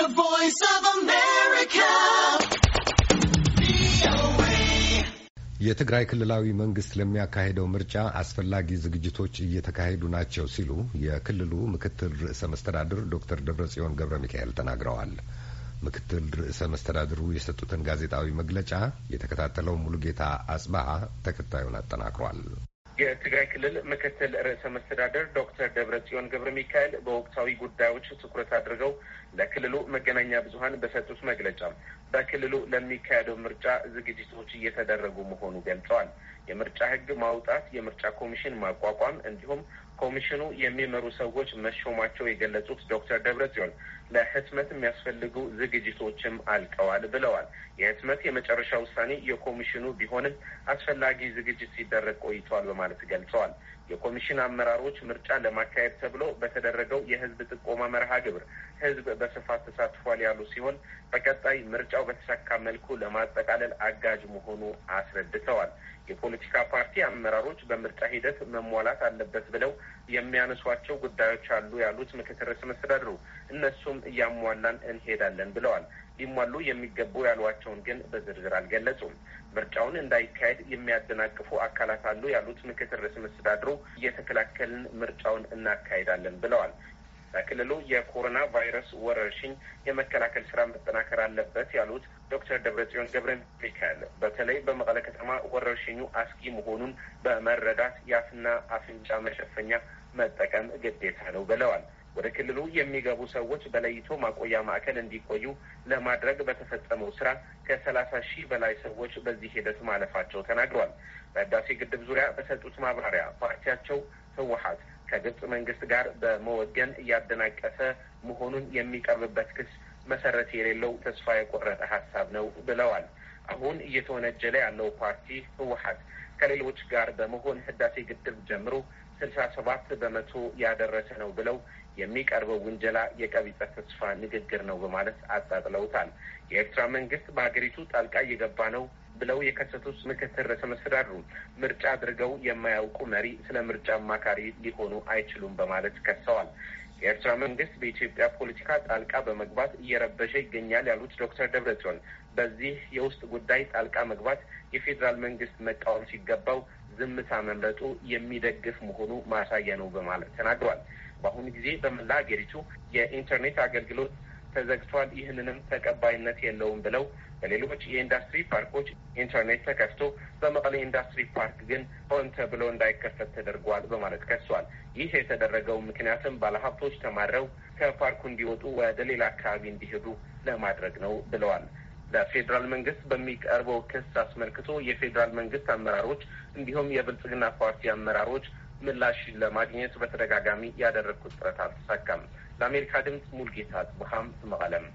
The Voice of America. የትግራይ ክልላዊ መንግስት ለሚያካሄደው ምርጫ አስፈላጊ ዝግጅቶች እየተካሄዱ ናቸው ሲሉ የክልሉ ምክትል ርዕሰ መስተዳድር ዶክተር ደብረጽዮን ገብረ ሚካኤል ተናግረዋል። ምክትል ርዕሰ መስተዳድሩ የሰጡትን ጋዜጣዊ መግለጫ የተከታተለው ሙሉጌታ አጽባሃ ተከታዩን አጠናክሯል። የትግራይ ክልል ምክትል ርዕሰ መስተዳደር ዶክተር ደብረጽዮን ገብረ ሚካኤል በወቅታዊ ጉዳዮች ትኩረት አድርገው ለክልሉ መገናኛ ብዙኃን በሰጡት መግለጫ በክልሉ ለሚካሄደው ምርጫ ዝግጅቶች እየተደረጉ መሆኑ ገልጸዋል። የምርጫ ሕግ ማውጣት፣ የምርጫ ኮሚሽን ማቋቋም እንዲሁም ኮሚሽኑ የሚመሩ ሰዎች መሾማቸው የገለጹት ዶክተር ደብረጽዮን ለህትመት የሚያስፈልጉ ዝግጅቶችም አልቀዋል ብለዋል። የህትመት የመጨረሻ ውሳኔ የኮሚሽኑ ቢሆንም አስፈላጊ ዝግጅት ሲደረግ ቆይቷል በማለት ገልጸዋል። የኮሚሽን አመራሮች ምርጫ ለማካሄድ ተብሎ በተደረገው የህዝብ ጥቆማ መርሃ ግብር ህዝብ በስፋት ተሳትፏል ያሉ ሲሆን በቀጣይ ምርጫው በተሳካ መልኩ ለማጠቃለል አጋዥ መሆኑ አስረድተዋል። የፖለቲካ ፓርቲ አመራሮች በምርጫ ሂደት መሟላት አለበት ብለው የሚያነሷቸው ጉዳዮች አሉ ያሉት ምክትል ርዕሰ መስተዳድሩ እነሱም እያሟላን እንሄዳለን ብለዋል። ሊሟሉ የሚገቡ ያሏቸውን ግን በዝርዝር አልገለጹም። ምርጫውን እንዳይካሄድ የሚያደናቅፉ አካላት አሉ ያሉት ምክትል ርዕሰ መስተዳድሩ እየተከላከልን ምርጫውን እናካሄዳለን ብለዋል። በክልሉ የኮሮና ቫይረስ ወረርሽኝ የመከላከል ስራ መጠናከር አለበት ያሉት ዶክተር ደብረጽዮን ገብረ ሚካኤል በተለይ በመቀለ ከተማ ወረርሽኙ አስጊ መሆኑን በመረዳት የአፍና አፍንጫ መሸፈኛ መጠቀም ግዴታ ነው ብለዋል። ወደ ክልሉ የሚገቡ ሰዎች በለይቶ ማቆያ ማዕከል እንዲቆዩ ለማድረግ በተፈጸመው ስራ ከሰላሳ ሺህ በላይ ሰዎች በዚህ ሂደት ማለፋቸው ተናግሯል። በህዳሴ ግድብ ዙሪያ በሰጡት ማብራሪያ ፓርቲያቸው ህወሀት ከግብጽ መንግስት ጋር በመወገን እያደናቀፈ መሆኑን የሚቀርብበት ክስ መሰረት የሌለው ተስፋ የቆረጠ ሀሳብ ነው ብለዋል። አሁን እየተወነጀለ ያለው ፓርቲ ህወሀት ከሌሎች ጋር በመሆን ህዳሴ ግድብ ጀምሮ ስልሳ ሰባት በመቶ ያደረሰ ነው ብለው የሚቀርበው ውንጀላ የቀቢጸ ተስፋ ንግግር ነው በማለት አጣጥለውታል። የኤርትራ መንግስት በሀገሪቱ ጣልቃ እየገባ ነው ብለው የከሰቱት ምክትል ርዕሰ መስተዳድሩ ምርጫ አድርገው የማያውቁ መሪ ስለ ምርጫ አማካሪ ሊሆኑ አይችሉም በማለት ከሰዋል። የኤርትራ መንግስት በኢትዮጵያ ፖለቲካ ጣልቃ በመግባት እየረበሸ ይገኛል ያሉት ዶክተር ደብረጽዮን በዚህ የውስጥ ጉዳይ ጣልቃ መግባት የፌዴራል መንግስት መቃወም ሲገባው ዝምታ መምረጡ የሚደግፍ መሆኑ ማሳያ ነው በማለት ተናግሯል። በአሁኑ ጊዜ በመላ ሀገሪቱ የኢንተርኔት አገልግሎት ተዘግቷል፣ ይህንንም ተቀባይነት የለውም ብለው በሌሎች የኢንዱስትሪ ፓርኮች ኢንተርኔት ተከፍቶ በመቀሌ ኢንዱስትሪ ፓርክ ግን ሆን ተብሎ እንዳይከፈት ተደርጓል በማለት ከሷል። ይህ የተደረገው ምክንያትም ባለሀብቶች ተማረው ከፓርኩ እንዲወጡ ወደ ሌላ አካባቢ እንዲሄዱ ለማድረግ ነው ብለዋል። ለፌዴራል መንግስት በሚቀርበው ክስ አስመልክቶ የፌዴራል መንግስት አመራሮች እንዲሁም የብልጽግና ፓርቲ አመራሮች ምላሽ ለማግኘት በተደጋጋሚ ያደረግኩት ጥረት አልተሳካም። ለአሜሪካ ድምፅ ሙልጌታ ጽቡሃም መቀለም